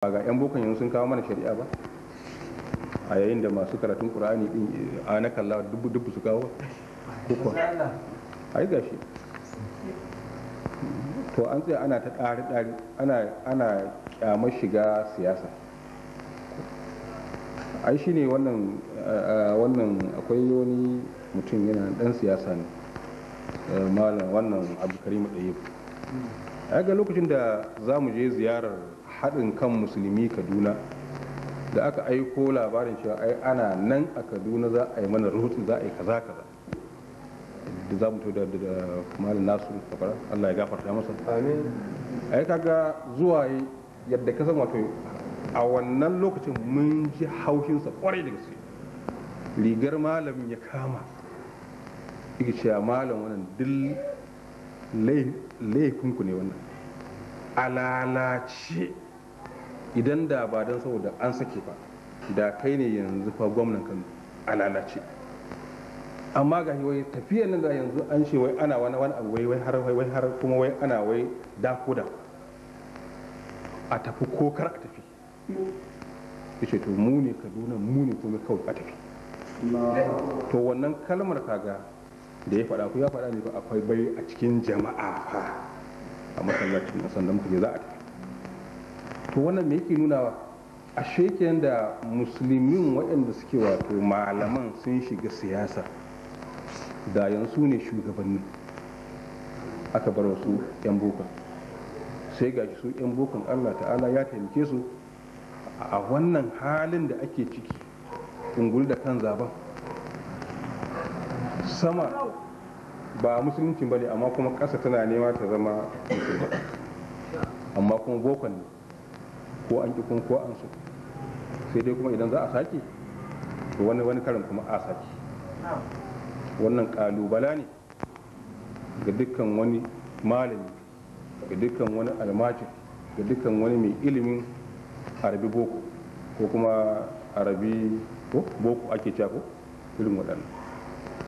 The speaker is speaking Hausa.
ba ga 'yan bokon yanzu sun kawo mana shari'a ba a yayin da masu karatun ƙura'ani din a na kalla dubu dubu su kawo kuka ai gashi to an tsaya ana ta ƙari-ƙari ana kyamar shiga siyasa ai shi ne wannan akwai wani mutum yana ɗan siyasa ne malam wannan abu karimu ɗaya ga lokacin da za mu je ziyarar haɗin kan musulmi kaduna da aka aiko labarin cewa ai ana nan a kaduna za a yi mana rutu za a yi kaza kaza da za mu to da malam nasu kafara allah ya gafarta masa ai kaga zuwa yadda ka san wato a wannan lokacin mun ji sa kwarai da gaske rigar malamin ya kama yake cewa malam wannan duk laifinku ne wannan alalace idan da ba don saboda an sake ba da kai ne yanzu fa gwamnan kan a lalace amma ga wai tafiyar nan da yanzu an ce wai ana wani wani abu wai wai har wai har kuma wai ana wai dako da a tafi ko kar a tafi yace to mu ne kaduna mu ne kuma kawai a tafi to wannan kalmar kaga da ya faɗa ku ya faɗa ne ba akwai bai a cikin jama'a a masallacin sannan muka je za a tafi to wannan me yake nunawa a sheken da musulmin waɗanda suke wato malaman sun shiga siyasa da yanzu ne shugabanni aka bar wasu 'yan bokan sai ga su 'yan bokan allah ta'ala ya taimake su a wannan halin da ake ciki ungul da kan zaben sama ba musulunci ba ne amma kuma ƙasa tana nema ta zama musulma amma kuma bokan ne ko an ki kuma ko an so sai dai kuma idan za a sake to wani wani karin kuma a sake wannan kalubala ne ga dukkan wani malami ga dukkan wani almajir ga dukkan wani mai ilimin arabi boko ko kuma arabi boko ake cewa ko irin waɗannan